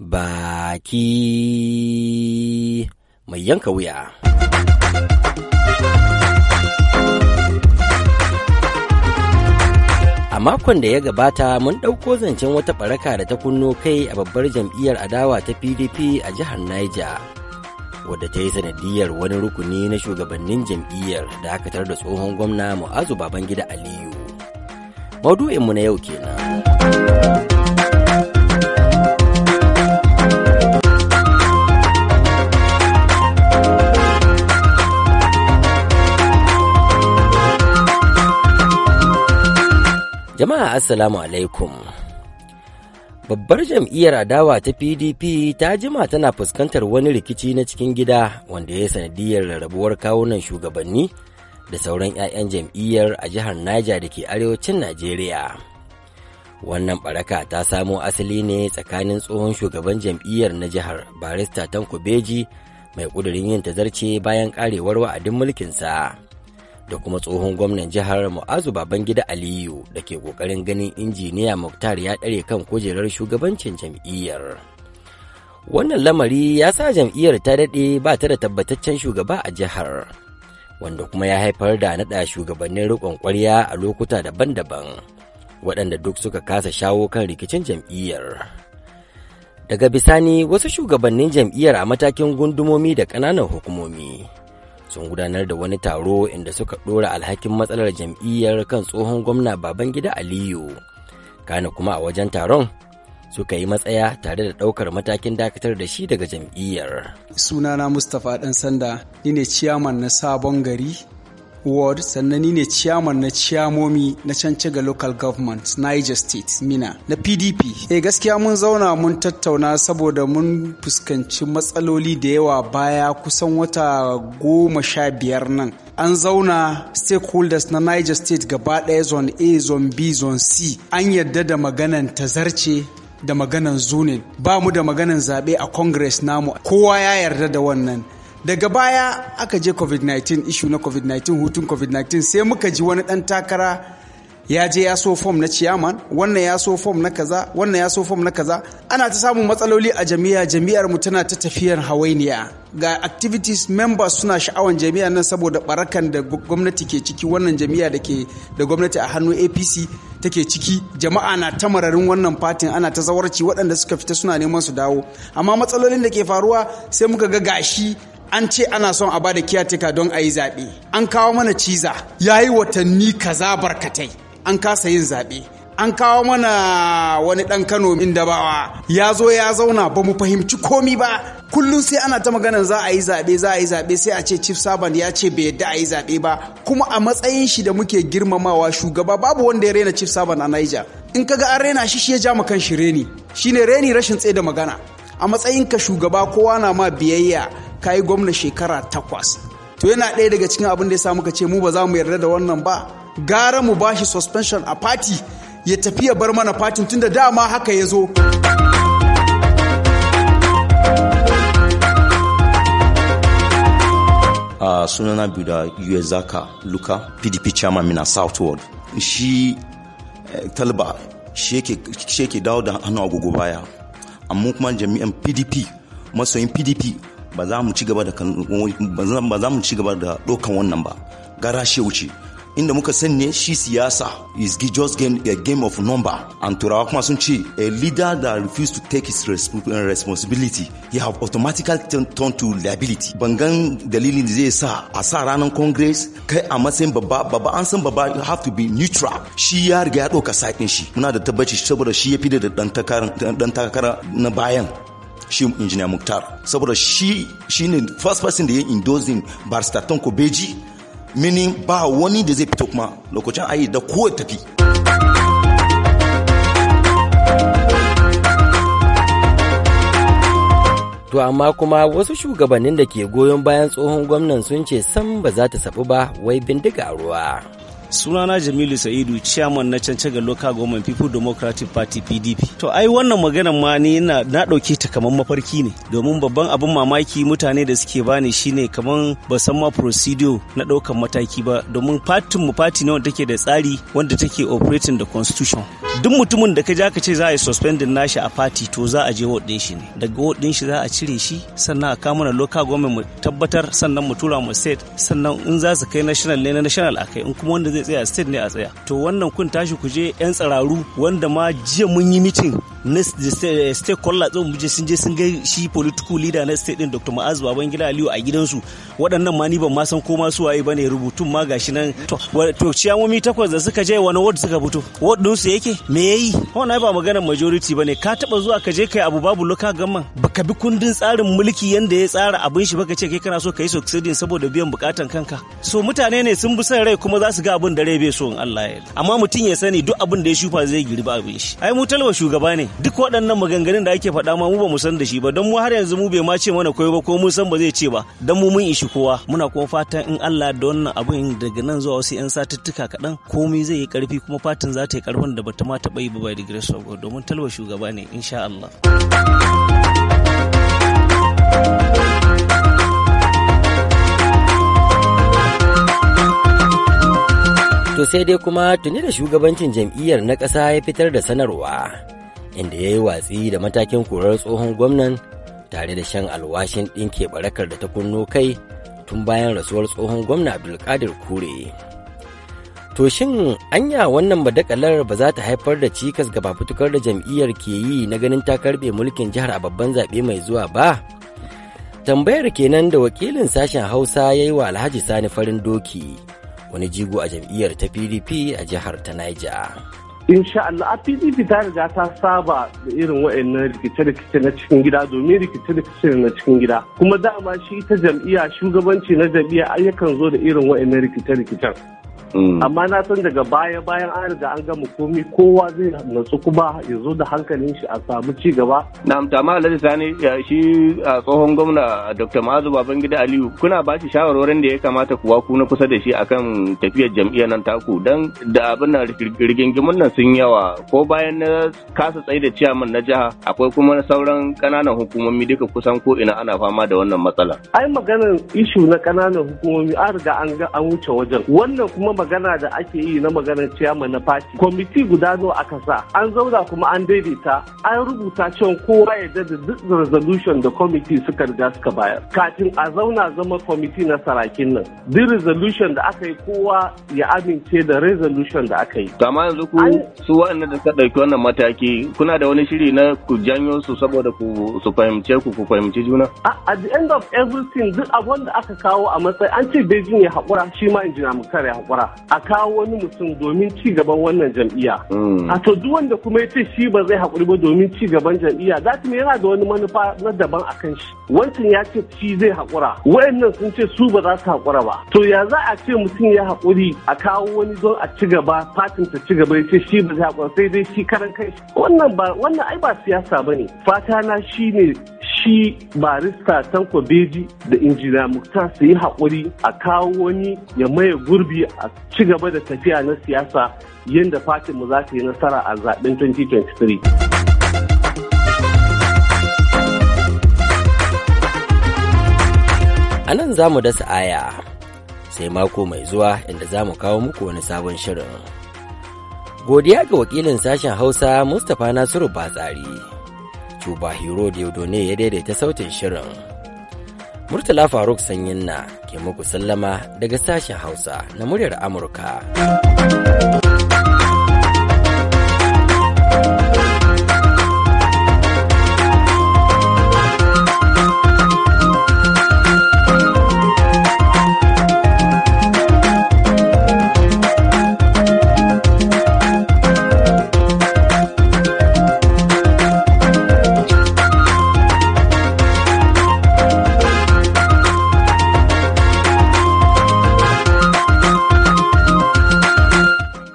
baki mai yanka wuya. A makon da ya gabata mun ɗauko zancen wata ɓaraka da ta kunno kai a babbar jam'iyyar adawa ta PDP a jihar Niger, wadda ta yi sanadiyar wani rukuni na shugabannin jam'iyyar dakatar da tsohon gwamna Mu'azu Babangida Aliyu. Maudu'inmu na yau kenan. Jama'a Assalamu alaikum. Babbar jam'iyyar adawa ta PDP ta jima tana fuskantar wani rikici na cikin gida wanda ya yi sanadiyar rarrabuwar kawunan shugabanni da sauran 'ya'yan jam'iyyar a jihar Niger da ke arewacin Najeriya. Wannan baraka ta samo asali ne tsakanin tsohon shugaban jam'iyyar na jihar Barista Tanko Beji mai ƙudurin yin tazarce bayan ƙarewar wa'adin mulkinsa. da kuma tsohon gwamnan jihar mu'azu babangida aliyu da ke kokarin ganin injiniya muktar ya ɗare kan kujerar shugabancin jam'iyyar wannan lamari ya sa jam'iyyar ta daɗe ba ta da tabbataccen shugaba a jihar wanda kuma ya haifar da naɗa shugabannin riƙon ƙwarya a lokuta daban-daban waɗanda duk suka kasa shawo kan rikicin jam'iyyar daga bisani wasu shugabannin jam'iyyar a matakin gundumomi da ƙananan hukumomi sun gudanar da wani taro inda suka ɗora alhakin matsalar jam'iyyar kan tsohon gwamna Babangida Aliyu. Kana kuma a wajen taron suka yi matsaya tare da ɗaukar matakin dakatar da shi daga jam'iyyar. Sunana Mustapha ɗan sanda, ni ne ciyaman na sabon gari ward sannan ni ne chairman na ciyamomi na ga local government niger state mina na pdp eh gaskiya mun zauna mun tattauna saboda mun fuskanci matsaloli da yawa baya kusan wata goma sha biyar nan an zauna stakeholders na niger state gaba ɗaya zone a zone b zone c an yarda da maganan tazarce da maganan zunin ba mu da maganan zaɓe a congress namu kowa ya yarda da wannan daga baya aka je covid-19 ishu na covid-19 hutun covid-19 sai muka ji wani dan takara ya je ya so fom na ciyaman wannan ya so fom na kaza wannan ya so fom na kaza ana ta samun matsaloli a jami'a jami'ar mu tana ta tafiyar hawainiya ga activities members suna sha'awan jami'a nan saboda barakan da gwamnati ke ciki wannan jami'a da ke da gwamnati a hannu APC take ciki jama'a na ta mararin wannan fatin ana ta zawarci waɗanda suka fita suna neman su dawo amma matsalolin da ke faruwa sai muka ga gashi an ce ana son a bada kiyatika don a yi zaɓe an kawo mana ciza ya yi watanni kaza barkatai an kasa yin zaɓe an kawo mana wani ɗan kano min dabawa ya zo ya zauna ba mu fahimci komi ba kullum sai ana ta maganar za a yi zaɓe za a yi zaɓe sai a ce chief saban ya ce bai yadda a yi zaɓe ba kuma a matsayin shi da muke girmamawa shugaba babu wanda ya rena chief saban a naija in kaga an rena shi shi ya ja ma kan shi reni shine reni rashin tsaye da magana a matsayin ka shugaba kowa na ma biyayya ka yi gwamna shekara takwas to yana ɗaya daga cikin abin da ya sa muka ce mu ba za mu yarda da wannan ba gara mu bashi suspension a fati ya tafi ya bar mana fatin da dama haka ya zo a sunana biyu da uezaka luka pdp chairman mina southward shi eh, talba shi yake dawo da hannu agogo baya amma kuma jami'an pdp masoyin pdp ba za mu ci gaba da ba za ci gaba da dokan wannan ba gara shi wuce inda muka sani ne shi siyasa is just game, a game of number an turawa kuma sun ce a leader that refuse to take his uh, responsibility he have automatically turned to liability bangan dalilin da zai sa a sa ranar congress kai a matsayin babba babba an san babba you have to be neutral shi ya riga ya ɗauka sakin shi muna da tabbaci saboda shi ya fi da dan takara na bayan shi injiniya muktar saboda shi ne first person da ya indozin barista tonko beji mini ba wani da zai fito kuma lokacin ayi da kowa tafi To amma kuma wasu shugabannin da ke goyon bayan tsohon gwamnan sun ce sam ba za ta sabu ba wai bindiga ruwa. sunana jamilu sa'idu chairman na ga local government people democratic party pdp to ai wannan magana ma ni na ɗauke ta kamar mafarki ne domin babban abin mamaki mutane da suke bani shine kamar ba san ma procedure na ɗaukan mataki ba domin fatin mu fati ne wanda take da tsari wanda take operating the constitution duk mutumin da ka ja ka ce za a yi suspending nashi a fati to za a je ward din shi ne daga ward din shi za a cire shi sannan a kama na local government mu tabbatar sannan mu tura mu state sannan in za su kai national ne na national akai in kuma wanda zai tsaya state ne a tsaya to wannan kun tashi ku je yan tsararu wanda ma jiya mun yi mitin na state eh, kwallo tsohon buje sun je sun ga shi political leader na state din dr ma'azu babangida aliyu a gidansu waɗannan ma ni ban ma san koma su waye bane rubutun ma gashi nan to ciyamomi takwas da suka je wani ward suka fito ward din su yake me yayi wannan ba maganar majority bane ka taba zuwa ka je kai abu babu luka gamman baka bi kundin tsarin mulki yanda ya tsara abin shi baka ce kai kana so kai din saboda biyan bukatan kanka so mutane ne sun bi son rai kuma za su ga abin da rai bai so in Allah ya amma mutum ya sani duk abin da ya shufa zai girba abin shi ai mu talwa shugaba ne duk waɗannan maganganun da ake faɗa ma mu ba mu san da shi ba don mu har yanzu mu bai ma ce mana koyo ba ko mun san ba zai ce ba don mu mun ishi kowa muna kuma fatan in Allah da wannan abin daga nan zuwa wasu yan satuttuka kaɗan komai zai yi ƙarfi kuma fatan za ta yi ƙarfin da bata ma taɓa yi ba bai digire grace domin talba shugaba ne insha Allah. To sai dai kuma tuni da shugabancin jam'iyyar na ƙasa ya fitar da sanarwa. inda ya yi watsi da matakin korar tsohon gwamnan tare da shan alwashin ɗinke barakar da ta kunno kai tun bayan rasuwar tsohon gwamna abdulkadir kure to shin anya wannan badakalar ba za ta haifar da cikas ga fitukar da jam'iyyar ke yi na ganin ta karbe mulkin jihar a babban zaɓe mai zuwa ba tambayar kenan da wakilin sashen hausa ya yi wa alhaji sani farin doki wani jigo a jam'iyyar ta pdp a jihar ta niger insha Allah PDP ta riga ta saba da irin wa'annan rikice-rikice na cikin gida domin rikice-rikice na cikin gida kuma dama shi ta jam'iyya shugabanci na jam'iyya ayyukan yakan zo da irin wa'annan rikice-rikicen Mm. amma na san daga baya bayan an riga an gama komi kowa zai natsu kuma ya zo da hankalin shi a samu ci gaba Na ta ma alhaji sani shi a tsohon gwamna dr ma'azu babangida aliyu kuna ba shi shawarwarin da ya kamata kuwa ku na kusa da shi akan tafiyar jam'iyyar nan taku dan da abin nan rigingimin nan sun yawa ko bayan na kasa tsaye da ciyaman na jiha akwai kuma sauran kananan hukumomi duka kusan ko ina ana fama da wannan matsala ai maganar ishu na kananan hukumomi an riga an wuce wajen wannan kuma magana da ake yi na maganar ciyama na fati kwamiti guda nawa a kasa an zauna kuma an daidaita an rubuta cewa kowa ya da duk resolution da kwamiti suka riga suka bayar kafin a zauna zama kwamiti na sarakin nan duk resolution da aka yi kowa ya amince da resolution da aka yi amma yanzu ku su wa'annan da suka ɗauki wannan mataki kuna da wani shiri na ku janyo su saboda ku su fahimce ku ku fahimci juna at the end of everything duk abin da aka kawo a matsayi an ce Beijing ya haƙura shi ma injina mu kare haƙura a kawo wani mutum domin ci gaban wannan jam'iyya. Hmm. A to duk wanda kuma ya ce shi ba zai haƙuri ba domin ci gaban jam'iyya za su yana da wani manufa na daban a kan shi. Wancan ya ce shi zai haƙura. Wayannan sun ce su ba za su haƙura ba. To ya za a ce mutum ya haƙuri a kawo wani don a ci gaba fatin ta ci gaba ya ce shi ba zai haƙura sai dai shi karan kai. Wannan ba wannan ai ba siyasa ba ne. Fata na shi ne shi barista tanko beji da injiniya muktar su yi haƙuri a kawo wani ya maye gurbi a ci gaba da tafiya na siyasa yadda fatinmu za ta yi nasara a zaɓen 2023 A nan za mu dasa aya sai mako mai zuwa inda za mu kawo muku wani sabon shirin. Godiya ga wakilin sashen Hausa Mustapha Nasiru Batsari. cuba hero ne ya daidaita sautin shirin murtala faruk sanyin na ke muku sallama daga sashen hausa na muryar amurka